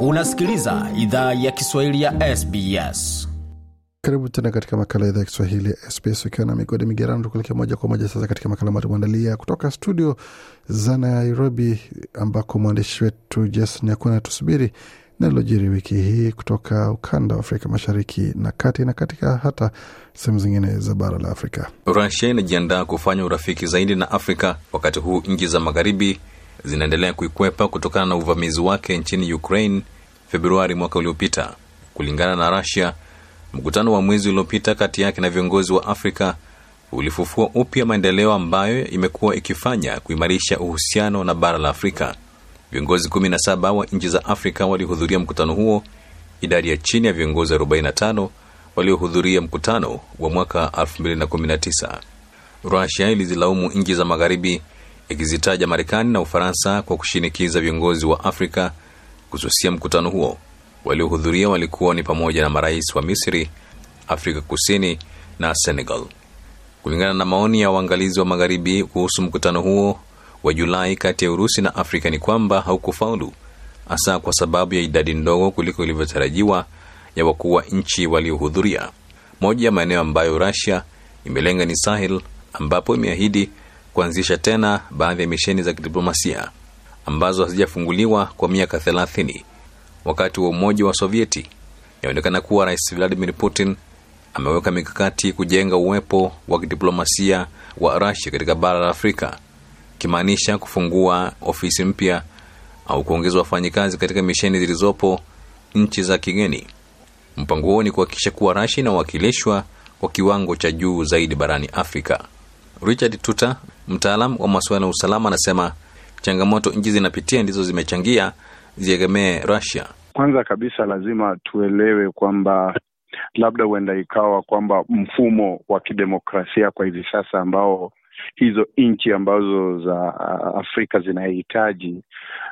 Unasikiliza idhaa ya Kiswahili ya SBS. Karibu tena katika makala idha idhaa ya Kiswahili ya SBS ukiwa na migodi migerano, tukulekea moja kwa moja sasa katika makala ambayo tumeandalia kutoka studio za Nairobi, ambako mwandishi wetu Jason Yakuna tusubiri nalilojiri wiki hii kutoka ukanda wa Afrika mashariki na kati na katika hata sehemu zingine za bara la Afrika. Rusia inajiandaa kufanya urafiki zaidi na Afrika, wakati huu nchi za magharibi zinaendelea kuikwepa kutokana na uvamizi wake nchini Ukraine Februari mwaka uliopita. Kulingana na Russia, mkutano wa mwezi uliopita kati yake na viongozi wa Afrika ulifufua upya maendeleo ambayo imekuwa ikifanya kuimarisha uhusiano na bara la Afrika. Viongozi 17 wa nchi za Afrika walihudhuria mkutano huo, idadi ya chini ya viongozi 45 waliohudhuria mkutano wa mwaka 2019. Russia ilizilaumu nchi za magharibi ikizitaja Marekani na Ufaransa kwa kushinikiza viongozi wa Afrika kususia mkutano huo. Waliohudhuria walikuwa ni pamoja na marais wa Misri, Afrika Kusini na Senegal. Kulingana na maoni ya waangalizi wa magharibi kuhusu mkutano huo wa Julai kati ya Urusi na Afrika ni kwamba haukufaulu, hasa kwa sababu ya idadi ndogo kuliko ilivyotarajiwa ya wakuu wa nchi waliohudhuria. Moja ya maeneo ambayo Russia imelenga ni Sahel ambapo imeahidi kuanzisha tena baadhi ya misheni za kidiplomasia ambazo hazijafunguliwa kwa miaka 30 wakati wa umoja wa Sovieti. Inaonekana kuwa Rais Vladimir Putin ameweka mikakati kujenga uwepo wa kidiplomasia wa rasia katika bara la Afrika, kimaanisha kufungua ofisi mpya au kuongeza wafanyikazi katika misheni zilizopo nchi za kigeni. Mpango huo ni kuhakikisha kuwa Russia inawakilishwa kwa kiwango cha juu zaidi barani Afrika. Richard Tuta Mtaalam wa masuala ya usalama anasema changamoto nchi zinapitia ndizo zimechangia ziegemee rusia Kwanza kabisa lazima tuelewe kwamba labda huenda ikawa kwamba mfumo wa kidemokrasia kwa hivi sasa ambao hizo nchi ambazo za uh, Afrika zinahitaji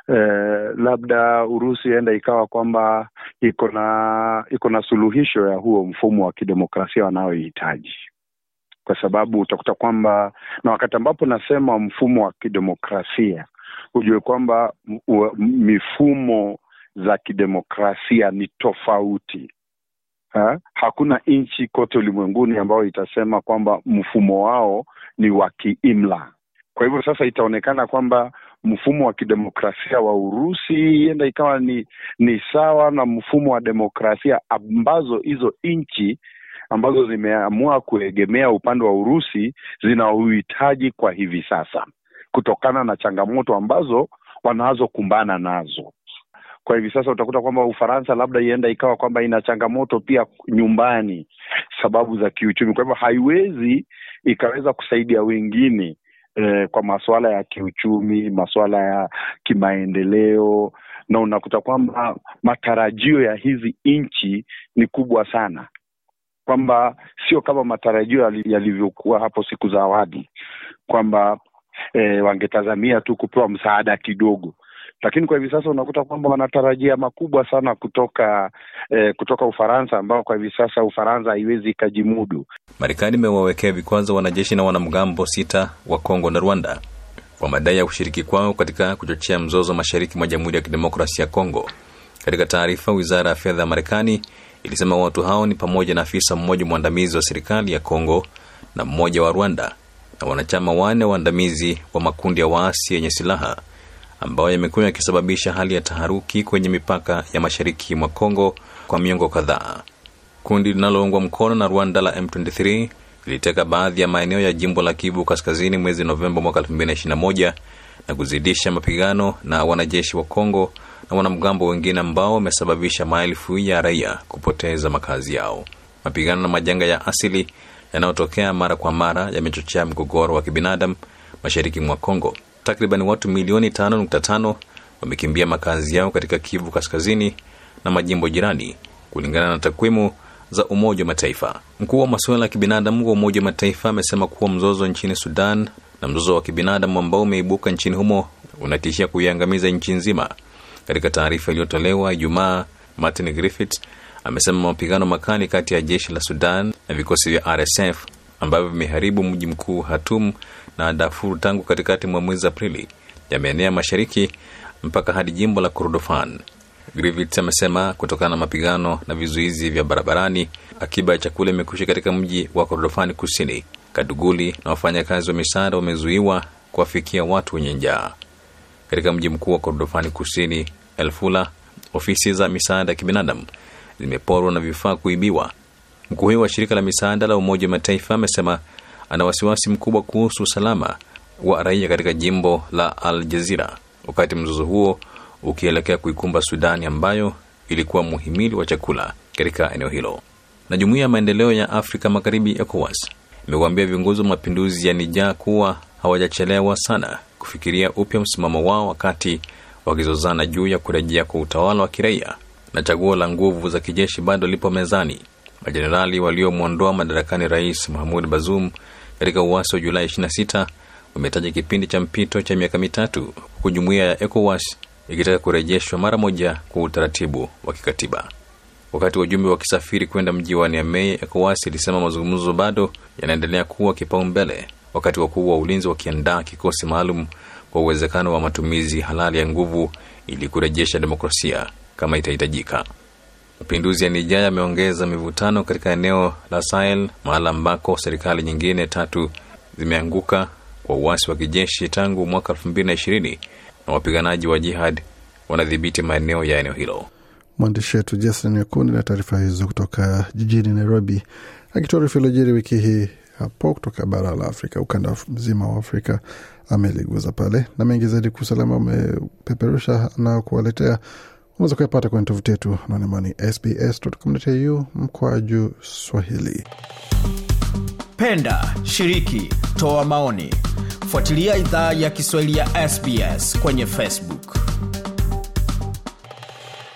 eh, labda Urusi enda ikawa kwamba iko na iko na suluhisho ya huo mfumo wa kidemokrasia wanaohitaji kwa sababu utakuta kwamba, na wakati ambapo nasema mfumo wa kidemokrasia, hujue kwamba mifumo za kidemokrasia ni tofauti ha? Hakuna nchi kote ulimwenguni ambayo itasema kwamba mfumo wao ni wa kiimla. Kwa hivyo sasa itaonekana kwamba mfumo wa kidemokrasia wa Urusi enda ikawa ni, ni sawa na mfumo wa demokrasia ambazo hizo nchi ambazo zimeamua kuegemea upande wa Urusi zina uhitaji kwa hivi sasa, kutokana na changamoto ambazo wanazokumbana nazo kwa hivi sasa utakuta kwamba Ufaransa labda ienda ikawa kwamba ina changamoto pia nyumbani, sababu za kiuchumi. Kwa hivyo haiwezi ikaweza kusaidia wengine eh, kwa masuala ya kiuchumi, masuala ya kimaendeleo, na unakuta kwamba matarajio ya hizi nchi ni kubwa sana kwamba sio kama matarajio yalivyokuwa hapo siku za awali kwamba e, wangetazamia tu kupewa msaada kidogo, lakini kwa hivi sasa unakuta kwamba wanatarajia makubwa sana kutoka e, kutoka Ufaransa, ambao kwa hivi sasa Ufaransa haiwezi ikajimudu. Marekani imewawekea vikwazo wanajeshi na wanamgambo sita wa Kongo na Rwanda kwa madai ya kushiriki kwao katika kuchochea mzozo mashariki mwa Jamhuri ya kidemokrasi ya Kongo. Katika taarifa, wizara ya fedha ya Marekani ilisema watu hao ni pamoja na afisa mmoja mwandamizi wa serikali ya Kongo na mmoja wa Rwanda na wanachama wanne waandamizi wa makundi ya waasi yenye silaha ambayo yamekuwa yakisababisha hali ya taharuki kwenye mipaka ya mashariki mwa Kongo kwa miongo kadhaa. Kundi linaloungwa mkono na Rwanda la M23 liliteka baadhi ya maeneo ya jimbo la Kivu Kaskazini mwezi Novemba mwaka 2021 na kuzidisha mapigano na wanajeshi wa Kongo na wanamgambo wengine ambao wamesababisha maelfu ya raia kupoteza makazi yao. Mapigano na majanga ya asili yanayotokea mara kwa mara yamechochea mgogoro wa kibinadamu mashariki mwa Kongo. Takriban watu milioni 5.5 wamekimbia makazi yao katika Kivu Kaskazini na majimbo jirani, kulingana na takwimu za Umoja wa Mataifa. Mkuu wa masuala ya kibinadamu wa Umoja wa Mataifa amesema kuwa mzozo nchini Sudan na mzozo wa kibinadamu ambao umeibuka nchini humo unatishia kuiangamiza nchi nzima. Katika taarifa iliyotolewa Ijumaa, Martin Griffiths amesema mapigano makali kati ya jeshi la Sudan na vikosi vya RSF ambavyo vimeharibu mji mkuu Hatum na Darfur tangu katikati mwa mwezi Aprili yameenea mashariki mpaka hadi jimbo la Kordofan. Griffiths amesema kutokana na mapigano na vizuizi vya barabarani, akiba ya chakula imekwisha katika mji wa Kordofani Kusini. Kaduguli na wafanyakazi wa misaada wamezuiwa kuwafikia watu wenye njaa katika mji mkuu wa Kordofani Kusini. Elfula, ofisi za misaada ya kibinadamu zimeporwa na vifaa kuibiwa. Mkuu huyo wa shirika la misaada la Umoja wa Mataifa amesema ana wasiwasi mkubwa kuhusu usalama wa raia katika jimbo la Al Jazira wakati mzozo huo ukielekea kuikumba Sudani ambayo ilikuwa muhimili wa chakula katika eneo hilo. Na jumuiya ya maendeleo ya Afrika Magharibi, ECOWAS, imewaambia viongozi wa mapinduzi ya Niger kuwa hawajachelewa sana kufikiria upya msimamo wao wakati wakizozana juu ya kurejea kwa utawala wa kiraia na chaguo la nguvu za kijeshi bado lipo mezani. Majenerali waliomwondoa madarakani Rais Mahmud Bazoum katika uasi wa Julai 26 wametaja kipindi cha mpito cha miaka mitatu, huku jumuiya ya ECOWAS ikitaka kurejeshwa mara moja kwa utaratibu wa kikatiba. Wakati wajumbe wakisafiri kwenda mji wa Niamey, ECOWAS ilisema mazungumzo bado yanaendelea kuwa kipaumbele wakati wakuu wa ulinzi wakiandaa kikosi maalum kwa uwezekano wa matumizi halali ya nguvu ili kurejesha demokrasia kama itahitajika. Mapinduzi ya nija yameongeza mivutano katika eneo la Sahel, mahala ambako serikali nyingine tatu zimeanguka kwa uasi wa kijeshi tangu mwaka mbili na wapiganaji wa jihad wanadhibiti maeneo ya eneo hilo. Mwandishi wetu Jason Nyakundi na taarifa hizo kutoka jijini Nairobi akitoa iliojiri wiki hii hapo kutoka bara la Afrika, ukanda mzima wa Afrika ameliguza pale, na mengi zaidi kuusalama amepeperusha na kuwaletea unaweza kuyapata kwenye tovuti yetu anaonimani sbs.com.au mkwa juu Swahili. Penda, shiriki, toa maoni, fuatilia idhaa ya Kiswahili ya SBS kwenye Facebook.